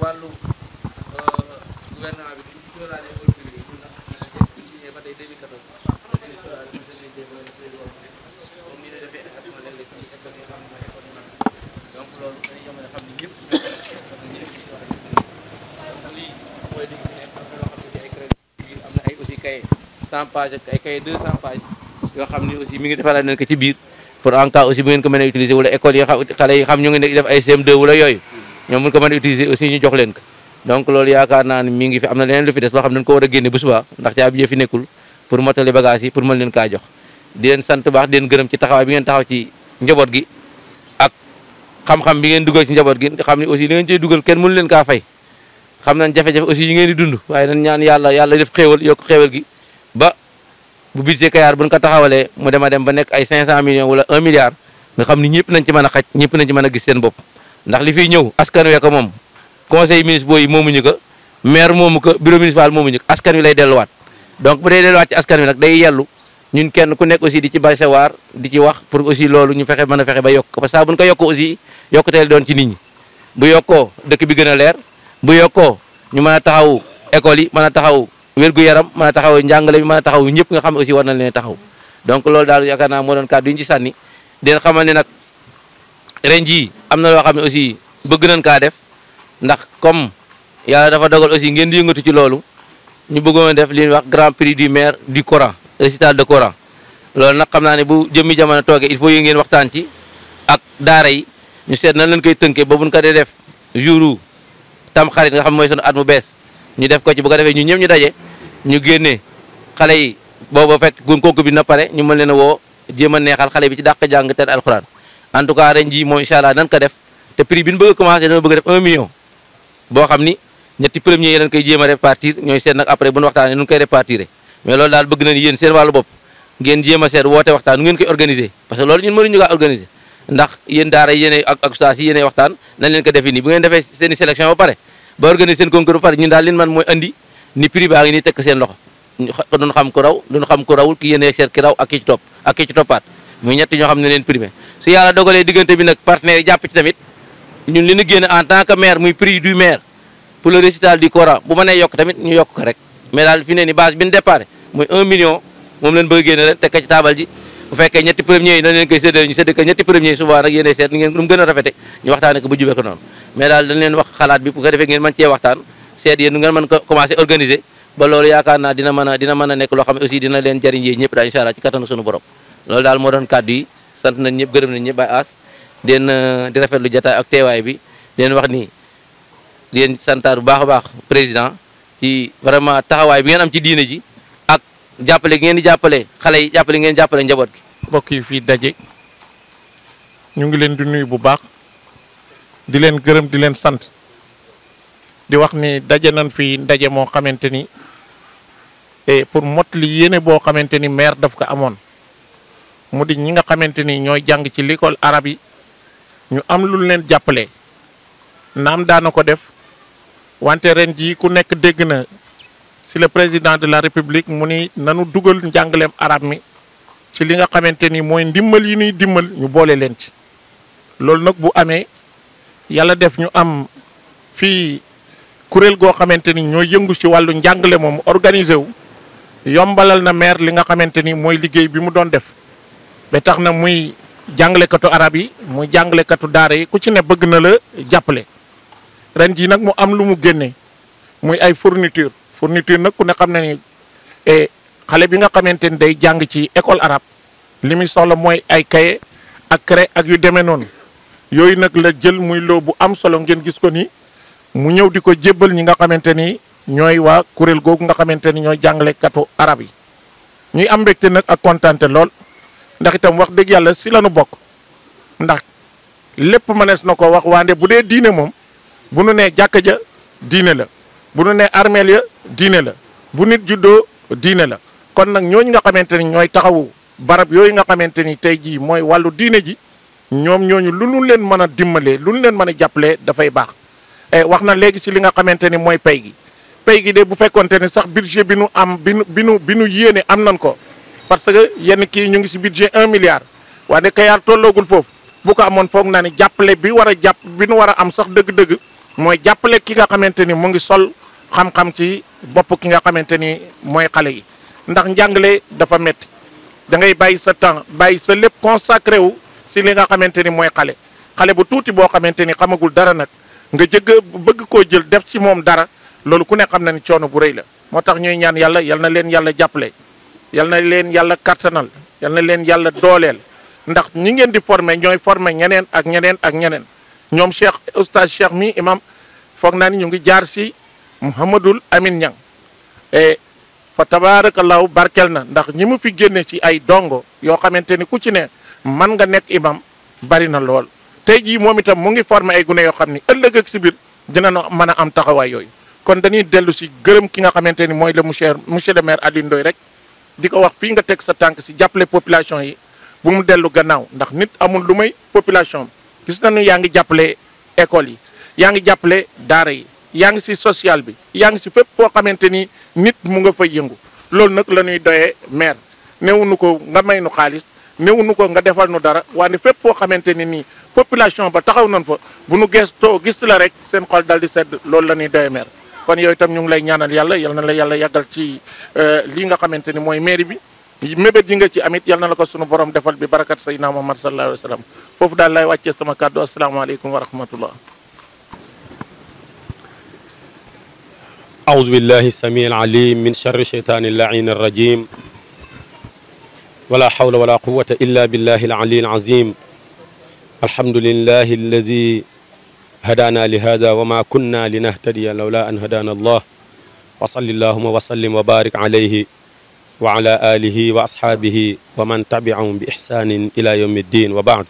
wallu euh, gouvernement bi duñ ci doolaale wala a président ni ñu la defee action léeg-léeg ci école yi nga xam ne mooy école yu mag donc loolu dañuy yemale xam ne ñëpp ñoo xam ne ñëpp ci wax ak lii mooy li ñu nekk am na loo ay crédit ñu ngi nekk ay CM2 wala yooyu ñoom mun ko mën a utiliser aussi ñu jox leen ko donc loolu yaakaar naa ne mi ngi fi am na leneen lu fi des loo xam ne dañu ko war a génne bu subaa ndax caabi jee nekkul pour mottali bagage pour mën leen kaa jox di sant baax di leen gërëm ci taxawaay bi ngeen taxaw ci njaboot gi ak xam-xam bi ngeen dugal ci njaboot gi xam ne aussi li ngeen cey dugal kenn mun leen kaa fay xam nañ jafe-jafe aussi yi ngeen di dund waaye nañ ñaan yàlla yàlla def xéewal yokk xéewal gi ba bu ko taxawalee mu dem a dem ba nekk ay 500 millions wala 1 milliard nga xam ni ñëpp nañ ci a xaj ñëpp nañ ci mën a bopp ndax li fi ñew askan wi ak mom conseil ministre momu ñu ko maire momu ko bureau municipal ñu ko askan wi lay wat donc bu delu wat ci askan wi nak day yellu ñun kenn ku nekk aussi di ci bay war di ci wax pour aussi lolu ñu fexé mëna fexé ba yok parce que buñ ko yokk aussi tay doon ci nit ñi bu yokko dekk bi gëna a leer bu yokko ñu mëna taxaw école yi mëna taxaw wérgu yaram mëna taxaw bi mëna taxaw ñëpp nga xam aussi war na leen taxaw donc lolu daal yaakaar mo doon kàddu ñu ci sanni xamal ni nak renji amna lo xamni aussi bëgg nañ ka def ndax comme yalla dafa dogal aussi ngeen di yëngatu ci loolu ñu bëggoon def li wax grand prix du maire du Coran récital de Coran loolu nak xamna ni bu jëmmi jamana toge il faut yi ngeen waxtaan ci ak daara yi ñu sét nañ leen koy teunké ba buñ ko def juru tam xarit nga xam moy sunu at mu bees ñu def ko ci bu ko defé ñu ñëm ñu dajé ñu génné xalé yi fek guñ ko ko bi na paré ñu mën leen a woo neexal xalé bi ci dàq jang té alcorane en tout cas ren jii moom incha allah nan ko def te prix bi ñu bëgg a commencé dama bëgg def un million boo xam ni ñetti premiers yi lañ koy jéem a ñooy seet nag après bu ñu waxtaanee nu ñu koy répartir mais loolu daal bëgg nañ yéen seen wàllu bopp ngeen jéem a seet woote waxtaan nu ngeen koy parce que loolu ñun mënuñu kaa organiser ndax yéen daara yéenay ak ak waxtaan nañ leen ko defee nii bu ngeen defee seen sélection ba pare ni prix baa ngi nii tekk seen loxo duñu xam ku raw duñu xam ku rawul ki yéenay seet ki raw ak ki ci topp ak ki ci ne leen primé su yàlla dogalee diggante bi nag partenaires yi jàpp tamit ñun li génn en tant que maire muy prix du maire pour le récital du Coran bu ma yokk tamit ñu yokk ko rek mais daal fi ne ni base bi ñu départ muy 1 million moom leen bëgg génne ren teg ko taabal ji bu fekkee ñetti premiers yi dañ leen koy séddale ñu séddale ko ñetti premiers yi souvent nag yéenay seet ni mu gën a rafete ñu waxtaane ko bu jubee noonu mais daal dañ leen wax xalaat bi bu ko a dina mën loo xam ne aussi dina leen jëriñ yéen ñëpp daal incha allah ci sant nañ ñep gëreem nañ ñep Baye As euh, di leen di rafetlu jotaay ak teway bi den wax ni di santar bu baax baax président ci vraiment taxaway bi ngeen am ci diine ji ak jàppale ngeen di jàppale xalé yi jàppale ngeen jàppale njabot gi. bokk yi fii daje ñu ngi leen di nuyu bu baax di leen gëreem di leen sant di wax ni daje nañ fi dajé mo xamanteni et eh, pour mot yene bo xamanteni maire daf ko amone mu di ñi nga xamante ni ñooy jàng ci l'école arab yi ñu am lu leen jàppale naam daana ko def wante ren jii ku nekk dégg na si le président de la république mu ni nanu dugal njàngaleem arab mi ci li nga xamante ni mooy ndimmal yi ñuy dimmal ñu boole leen ci loolu nag bu amee yàlla def ñu am fii kuréel goo xamante ni ñooy yëngu ci wàllu njàngale moom organiser wu yombalal na maire li nga xamante ni mooy liggéey bi mu doon def ba tax na muy jàngalekatu arab yi muy jàngalekatu daara yi ku ci ne bëgg na la jàppale ren jii nag mu am lu mu génnee muy ay fourniture fourniture nag ku ne xam na ni e, xale bi nga xamante ni day jàng ci école arab li muy soxla mooy ay kaye ak craie ak yu demee noonu yooyu nag la jël muy loo bu am solo ngeen gis ko ni mu ñëw di ko jébbal ñi nga xamante ni ñooy waa kuréel googu nga xamante ni ñooy jàngalekatu arab yi ñuy am mbégte nag ak kontaante lool. ndax itam wax dëgg yàlla si lanu bokk ndax lépp mënees na ko wax waande bu dee diine moom bu nu nee jàkka ja diine la bu nu nee armeel ya diine la bu nit juddoo diine la kon nag ñooñu nga xamante ni ñooy taxawu barab yooyu nga xamante ni tey jii mooy wàllu diine ji ñoom ñooñu lu nu leen mën a dimbalee lu nu leen mën a jàppalee dafay baax e wax na léegi si li nga xamante ni mooy pay gi pay gi de bu fekkonte ni sax budget bi nu am bi nu bi nu bi nu yéene am nan ko parce que yenn kii ñu ngi si budget un milliard waaye ne Kayar tolloogul foofu bu ko amoon foog naa ne jàppale bi war jàpp bi nu war a am sax dëgg-dëgg mooy jàppale ki nga xamante ni mu ngi sol xam ci bopp ki nga xamante ni mooy xale yi ndax njàngale dafa metti da ngay bàyyi sa temps bàyyi sa lépp consacré wu si li nga xamante ni mooy xale xale bu tuuti boo xamante ni xamagul dara nag nga jëgg bëgg koo jël def ci moom dara loolu ku ne xam na ni coono bu rëy la moo tax ñuy ñaan yàlla yal na leen yàlla jàppale yal na leen yàlla kattanal yal na leen yàlla dooleel ndax ñi ngeen di former ñooy former ñeneen ak ñeneen ak ñeneen ñoom cheikh oustaz cheikh mi imam foog naa ni ñu ngi jaar si Mouhamadul Amin Niang e fa law barkeel na ndax ñi mu fi génne ci ay dongo yoo xamante ni ku ci ne man nga nekk imam bari na lool tey jii moom itam mu ngi former ay gune yoo xam ni ëllëg ak si biir dina mën a am taxawaay yooyu kon dañuy dellu si gërëm ki nga xamante ni mooy le monsieur monsieur le maire Alioune Ndoye rek di ko wax fii nga teg sa tànk si jàppale population yi bu mu dellu gannaaw ndax nit amul lu may population gis na nañu yaa ngi jàppale école yi yaa ngi jàppale daara yi yaa ngi si social bi yaa ngi si fépp foo xamante ni nit mu nga fa yëngu loolu nag la ñuy doyee maire newuñu ko nga may nu xaalis newuñu ko nga defal nu dara waaye fépp foo xamante ni nii population ba taxaw nañ fa bu nu gëstoo gis la rek seen xol dal di sedd loolu la ñuy doyee maire kon yooyu itam ñu ngi lay ñaanal yàlla yal na la yàlla yàggal ci euh, lii nga xamante ni mooy mairie bi mébét yi nga ci amit yal na la ko sunu borom defal bi barakat Seydina Muhammad sallallahu alayhi wa sallam foofu daal lay wàccee sama kàddu asalaamaaleykum wa rahmatullah أعوذ بالله السميع العليم من شر الشيطان اللعين الرجيم ولا حول ولا قوة إلا بالله العلي العظيم الحمد لله الذي هدانا لهذا وما كنا لنهتدي لولا أن هدانا الله وصل اللهم وسلم وبارك عليه وعلى آله وأصحابه ومن تبعهم بإحسان إلى يوم الدين وبعد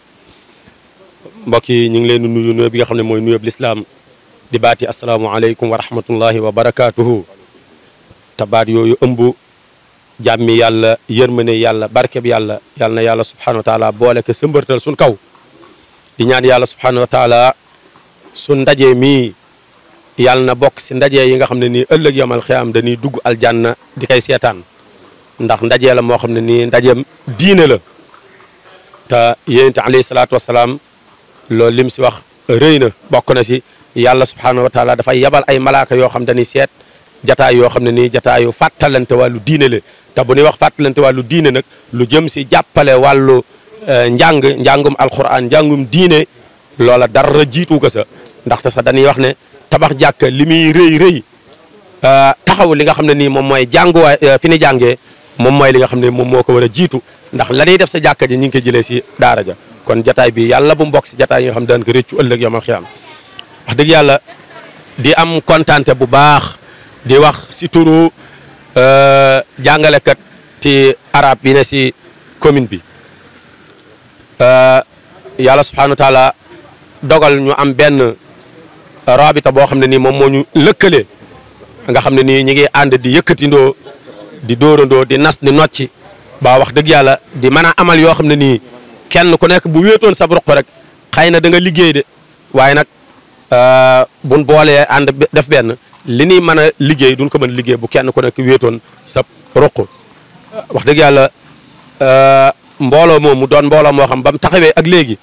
mbokk yi ñu ngi leen di nuyu nuyoo bi nga xam ne mooy nuyoob lislaam di baati asalaamaaleykum wa rahmatullahi wa barakaatuhu te baat yooyu ëmb jàmmi yàlla yërmane yàlla barkeb yàlla yàlla na yàlla subhanahu wa taala boole ko sëmbërtal suñ kaw di ñaan yàlla subhanahu wa taala su ndaje mii yàlla na bokk si ndaje yi nga xam ne nii ëllëg yomal xiyaam dañuy dugg aljanna di koy seetaan ndax ndaje la moo xam ne nii ndajem diine la te yonent alayhi salaatu wasalaam loolu lim si wax rëy na bokk na si yàlla subhaanahu wa dafay yebal ay malaaka yoo xam dañuy seet jataay yoo xam ne nii jataayu fàttalante wàllu diine la te bu nuy wax fàttalante wàllu diine nag lu jëm si jàppale wàllu eh, njàng njàngum alquran njàngum diine loola dara jiitu ndax sax dañuy wax ne tabax jakk limi muy rëy euh taxaw li nga xamne ni mom moy jangu euh, fi ni jàngee moom mooy li nga xamne mom moko wara jitu ndax la ñuy def sa jakk ji ñi ngi koy ci si daara ja kon jotaay bi yalla bu mbokk ci jotaay yo xam dañ ko reccu ëlëk yomal xiyam wax deug yalla di am contenté bu baax di wax si turu euh, kat ci arab bi ne ci commune bi euh, yalla subhanahu wa taala dogal ñu am ben rabita boo xam ne nii moom moo ñu lëkkale nga xam ne nii ñu ngi ànd di yëkkatindoo di dóorandoo di nas di nocci ba wax dëgg yàlla di mën a amal yoo xam ne nii kenn ku nekk bu wéetoon sab ruq rek xëy na da nga liggéey de waaye nag euh, buñ boolee ànd def benn li ñuy mën a liggéey duñ ko mën liggéey bu kenn ku nekk wéetoon sa ruq wax dëgg yàlla euh, mbooloo mu doon mbooloo moo xam ba mu taxawee ak léegi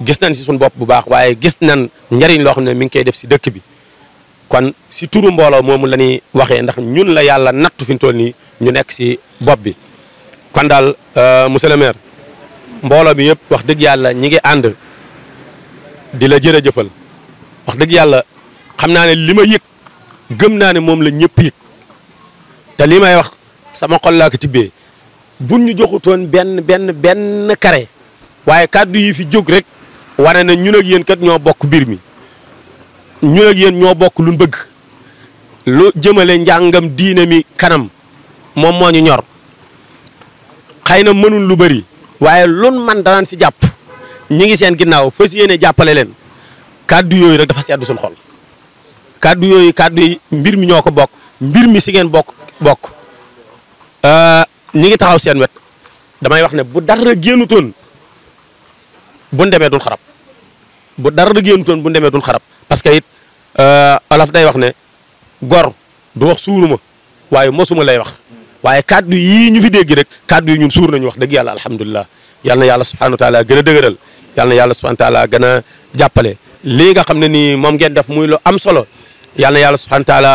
gis nañ si suñu bopp bu baax waaye gis nañ njariñ loo xam ne mi ngi koy def si dëkk bi kon si turu mbooloo moomu la ñuy waxee ndax ñun la yàlla nattu fi mu toll nii ñu nekk si bopp bi kon daal euh, monsieur le maire mbooloo bi yëpp wax dëgg yàlla ñi ngi ànd di la a jëfal wax dëgg yàlla xam naa ne lima ma yëg gëm naa ne moom la ñëpp yëg te li may wax sama xol laa ko tibbee buñ ñu joxutoon benn benn benn kare waaye kàddu yi fi jóg rek wane na ñun ak yéen kat ñoo bokk mbir mi ñun ak yéen ñoo bokk luñ bëgg lu jëmale njàngam diine mi kanam moom moo ñu ñor xëy na mënul lu bari waaye lun man danaan si jàpp ñi ngi seen ginnaaw fas yéene jàppale leen kàddu yooyu rek dafa seddu suñ xol kàddu yooyu kàddu yi mbir mi ñoo ko bokk mbir mi si ngeen bokk bokk euh, ñi ngi taxaw seen wet damay wax ne bu dara génnutoon bu demee dul xarab bu dara dëgg du géntoon bu ndemeetul xarab parce que it euh, olof day wax ne gor du wax ma waaye mosuma lay wax waaye kaddu yii ñu fi dégg rek kàddu yi ñun suur nañu wax dëgg yàlla alhamdulilah yal na yàlla subhanahu wa taala gën a dëgëral yal yàlla subhanahu taala gën a jàppale lii nga xam ne nii moom ngeen def muy lu am solo yal yàlla subhanahu wa taala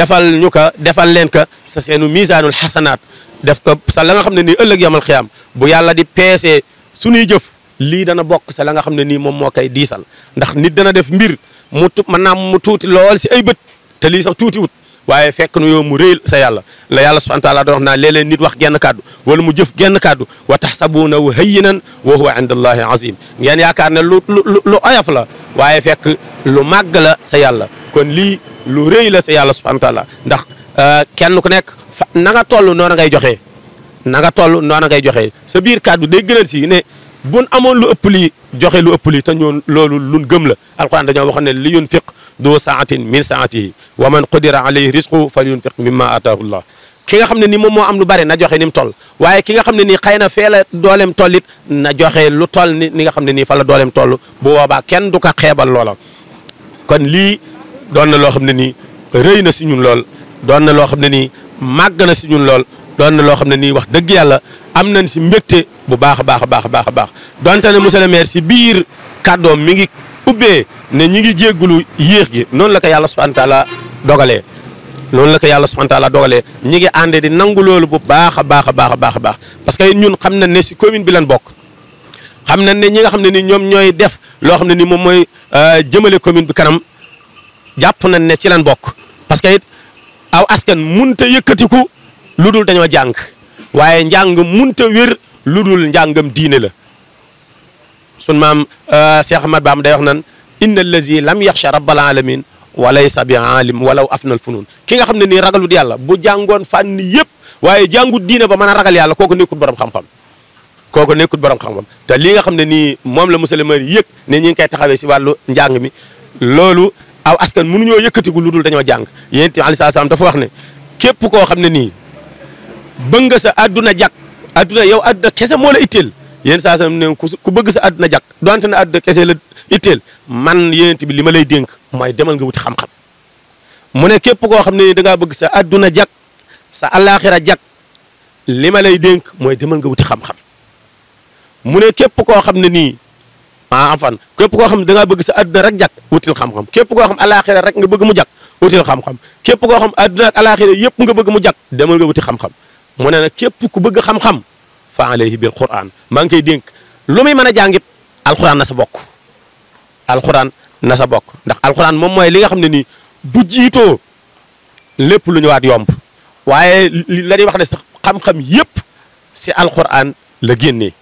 defal ñu ko defal leen ka sa seenu misaanul xasanaat def ko sa la nga xam ne nii ëllëg yamal xiyaam bu yàlla di peesee suñuy jëf li dana bok sa la nga xamne ni mom mo kay diisal ndax nit dana def mbir mu manam mu tuti lol si ay telisak te li sax tuti wut waye fekk na yow mu rëy sa yalla la yalla subhanahu taala do wax na lele nit wax genn kaddu wala mu jëf genn kaddu wa taxsabuunahu hayyinan wa huwa inda allahi azim ngeen yaakaar ne lu lu la waye fekk lu mag la sa yalla kon li lu reey la sa yalla subhanahu taala ndax euh, kenn ku nek fa na nga tollu non ngay joxe na nga tollu non ngay joxe sa bir kaddu day gënal si ne buñ amoon lu ëpp lii joxe lu ëpp lii te ñoon loolu luñ gëm la alquran dañoo wax ne li yunfiq du saatin min saatihi wa man qudira alayhi risqu fal yunfiq mimma ataahu llah ki nga xam ne ni moom moo am lu bare na joxe ni mu toll waaye ki nga xam ne nii xëy na fee la dooleem toll it na joxe lu tol ni ni nga xam ne nii fa la dooleem toll bu boobaa kenn du ko xeebal loola kon lii doon na loo xam ne nii rëy na si ñun lool doon na loo xam ne nii màgg na si ñun lool doon na loo xam ne nii wax dëgg yàlla am nañ si mbégte bu baax a baax a baax a baax a baax donte ne monsieur le maire si biir kàddoom mi ngi ubbee ne ñi ngi jéggulu yéex gi noonu la ko yàlla subhanahu taala dogalee loolu la ko yàlla subhanahu taala dogalee ñi ngi àndee di nangu loolu bu baax a baax a baax a baax a baax parce que ñun xam na ne si commune bi lañ bokk xam na ne ñi nga xam ne ni ñoom ñooy def loo xam ne ni moom mooy euh, jëmale commune bi kanam jàpp nañ ne si lañ bokk parce que it aw lu dul dañoo jàng waaye njàng munta wér lu dul njàngam diine la sun maam euh, Cheikh Ahmad Bamba day wax nan inna allazi lam yaxsha rabbal alamin walaysa bi alim walaw afnal funun ki nga xam ne nii ragalut yàlla bu jàngoon fànn yëpp waaye jàngut diine ba mën ragal yàlla kooku nekkut borom xam-xam kooku nekkut borom xam-xam te li nga xam ne nii moom la musulmaan yi yëg ne ñi ngi koy taxawee si wàllu njàng mi loolu aw askan mënuñoo yëkkatigu lu dul dañoo jàng yéen itam alayhi salaam dafa wax ne képp koo xam ne nii bëgg nga sa àdduna jàkk àdduna yow àdduna kese moo la itteel yéen saa sam ne ku bëgg sa àdduna jàkk donte ne àdduna kese la itteel man yéent bi li ma lay dénk mooy demal nga wuti xam-xam mu ne képp koo xam ne da bëgg sa àdduna jàkk sa alaaxira jàkk li ma lay dénk mooy demal nga wuti xam mu ne képp koo xam ne nii ah fan képp koo xam ne da ngaa bëgg sa àdduna rek jàkk wutil xam-xam képp koo xam alaaxira rek nga bëgg mu jàkk wutil xam-xam képp koo xam àdduna ak alaaxira yëpp nga bëgg mu jàkk demal nga wuti xam-xam mu ne nag képp ku bëgg xam-xam fa alayhi bil quran maa ngi koy dénk lu muy mën a jàngit alquran na sa bokk alquran na sa bokk ndax alquran moom mooy li nga xam ne nii bu jiitoo lépp lu ñëwaat yomb waaye la ñuy wax ne sax xam-xam yépp si alquran la génnee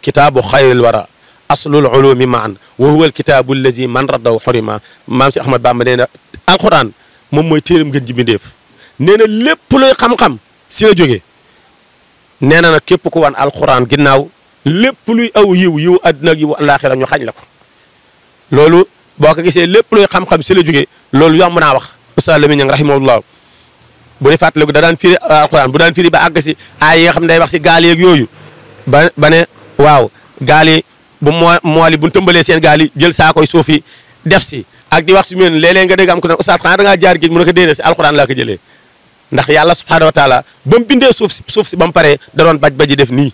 kitaabu xayril wara aslul ulumi maan wa huwa al kitaabu allazi man raddaw xurima maam si ahmad bamba nee na alquran moom mooy téeram gën ji bindeef nee na lépp xam-xam si la jógee nee na nag képp ku wan alxuraan ginnaaw lépp luy aw yiw yiw àddina ak yiw alaaxira ñu xañ la ko loolu boo ko gisee lépp luy xam-xam si la jóge loolu yomb naa wax ustaz Lamine Niang rahimahullah bu dee fàttaliku da daan firi alxuraan bu daan firi ba àgg si ay yi nga xam ne day wax si gaal yeeg yooyu ba ba ne waaw gaal yi bu moo mool yi bu seen gaal jël saako koy suuf yi def si ak di wax si mel léeg-léeg nga dégg am ko ne ustaz xanaa da jaar géej mu ne ko déedéet ko jëlee ndax yàlla subhaanahu wa taala mu bindee suuf si suuf si ba mu paree da doon baj baji def nii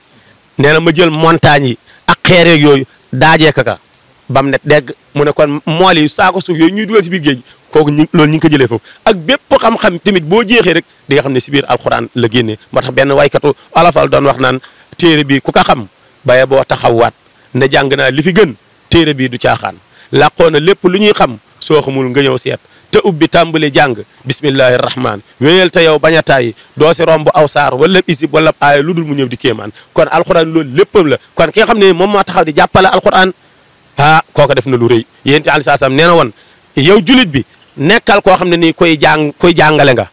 nee na ma jël montagne yi ak xeer yooyu daajee kaka ba mu ne degg mu ne kon mool yi saako suuf yooyu ñuy dugal si biir géej kooku ñu loolu ñu ngi ko jëlee foofu ak bépp xam-xam tamit boo jeexee rek di nga xam ne si biir alxuraan la génnee moo tax benn waykatu alafal doon wax naan téere bi ku ko xam baye boo taxawaat ne jàng naa li fi gën téere bii du caaxaan làqoo na lépp lu ñuy xam soo xamul nga ñëw seet te ubbi tambule jang bismillahir rahman weyel te yow baña tay do doo si wala isib wala ay luddul mu ñew di keman kon alquran lool leppam la kon ki xamne mom mo taxaw di jappale alquran ha ah, koko def na lu rëy yénti ali sallam neena won yow julit bi nekkal ko xamne ni koy jang koy jangale nga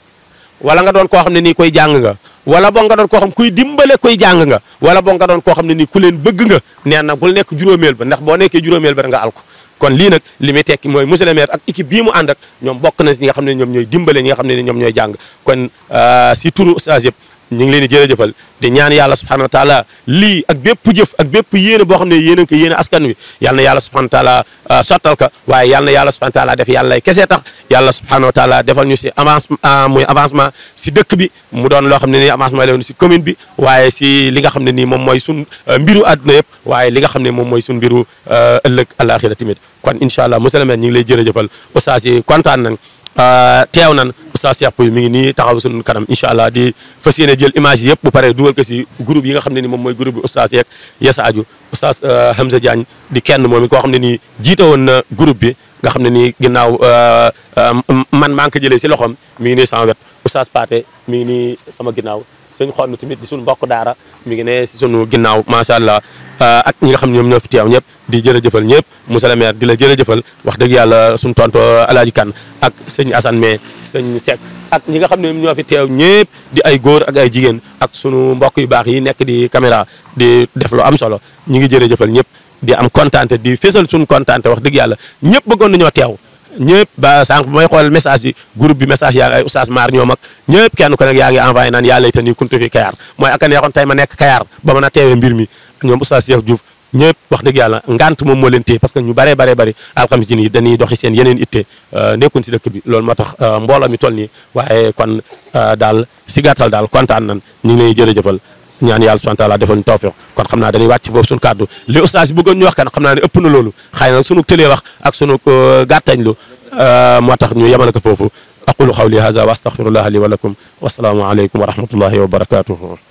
wala nga don ko xamne ni koy jang nga wala bo nga don ko xam kuy dimbalé koy jang nga wala bo nga don ko xamne ni ku len bëgg nga neena na nekk ba ndax bo nekkee juromel ba nga alko kon lii nag li muy tekki mooy monsieur le maire bii mu ànd ak ñoom bokk na xam ne ñoom ñooy dimbale ñi xam ne ñoom ñooy jàng kon euh, si turu stage yëpp ñu ngi leen di jërëjëfal di ñaan yàlla subhanahu wa taala lii ak bépp jëf ak bépp yéene boo xam ne yéene ko yéene askan wi yàlla na yàlla subhanahu wa taala euh, sottal ka waaye yàlla na yàlla subhanahu wa taala def yàlla ay kese tax yàlla subhanahu wa taala defal ñu si avance euh, muy avancement si dëkk bi mu doon loo xam ne nii avancement la woon si commune bi waaye si li nga xam ne ni moom mooy sun euh, mbiru àdduna yëpp waaye li nga xam ne moom mooy sun mbiru ëllëg alaxira tamit kon incha allah monsieur le maire ñu ngi lay jërëjëfal ustaas yi kontaan nañ teew nañ oustaz Cheikh Pouye mi ngi nii taxaw suñu kanam incha allah di fas jël image yëpp bu paree dugal ko si yi nga xam ne ni moom mooy groupe bi oustaz yeeg yesa aju oustaz euh, Hamza di kenn moom it koo xam ne nii jiite woon na group bi nga xam ne nii ginnaaw euh, euh, man maa ngi ko jëlee si loxoom mi ngi nii sama wet oustaz Paate mi ngi nii sama ginnaaw suñ xool tamit di suñu mbokk daara mi ngi ne si sunu ginnaaw macha allah Euh, ak ñi nga xam ñoom ñoo fi teew ñëpp di jërëjëfal ñëpp monsieur le ak ñi nga xam ne ñoo fi teew ñëpp di ay góor ak ay jigéen ak sunu mbokk yu baax yi nekk di caméra di def lu am solo ñu ngi a jërëjëfal ñëpp di am kontante di fésal suñu kontante wax dëgg yàlla ñëpp bëggoon nañoo teew ñëpp ba sànq bu may xool message yi groupe bi message yaa ngi maar ñoom ak kenn ku nekk yaa ngi envoyé naan yaa lay tani kuntu fi Kayar mooy ak a neexoon tey ma nekk Kayar ba mën a teewee mbir mi ñoom oustaz Cheikh Diouf ñëpp wax dëgg yàlla ngant moom moo leen téye parce que ñu baree baree bari alxamis ji nii dañuy doxi seen yeneen itte euh, nekkuñ si dëkk bi loolu moo tax euh, mbooloo mi toll nii waaye kon euh, daal si gàttal daal kontaan nan ñu ngi lay jëfal ñaan yàlla subhanahu taala defal ñu tawfiq kon xam naa dañuy wàcc foofu suñu kàddu li oustaz yi bëggoon ñu wax kan xam naa ne ëpp na loolu xëy na sunu tëlee wax ak sunu gàttañ lu moo tax ñu yemale ko foofu aqulu xawli haza wa astaghfirullah li wa lakum wasalaamu aleykum wa rahmatullahi